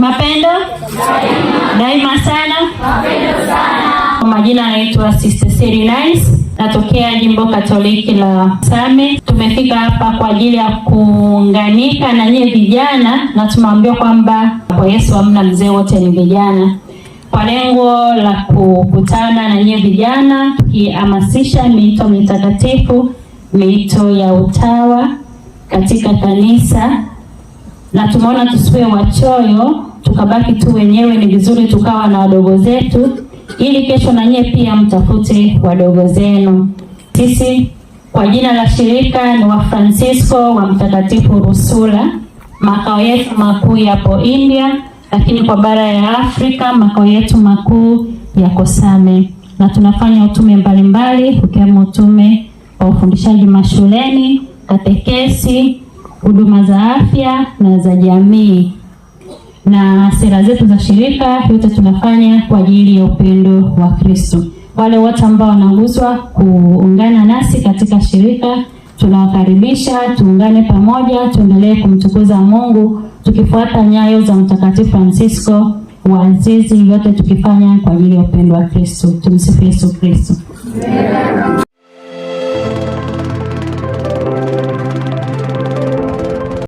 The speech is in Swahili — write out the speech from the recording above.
Mapendo daima sana. Kwa majina anaitwa Sister Serenice, natokea jimbo Katoliki la Same. Tumefika hapa kwa ajili ya kuunganika na nyie vijana, na tumeambiwa kwamba kwa Yesu hamna mzee, wote ni vijana, kwa lengo la kukutana na nyie vijana, tukihamasisha miito mitakatifu, miito ya utawa katika kanisa, na tumeona tusiwe wachoyo tukabaki tu wenyewe, ni vizuri tukawa na wadogo zetu, ili kesho na nyie pia mtafute wadogo zenu. Sisi kwa jina la shirika ni wa Francisco wa Mtakatifu Rusula, makao yetu makuu yapo India, lakini kwa bara ya Afrika makao yetu makuu yako Same, na tunafanya utume mbalimbali ukiwemo utume wa ufundishaji mashuleni, katekesi, huduma za afya na za jamii na sera zetu za shirika, yote tunafanya kwa ajili ya upendo wa Kristo. Wale wote ambao wanaguswa kuungana nasi katika shirika tunawakaribisha, tuungane pamoja, tuendelee kumtukuza Mungu tukifuata nyayo za Mtakatifu Francisco wa Azizi, yote tukifanya kwa ajili ya upendo wa Kristo. Tumsifu Yesu Kristo.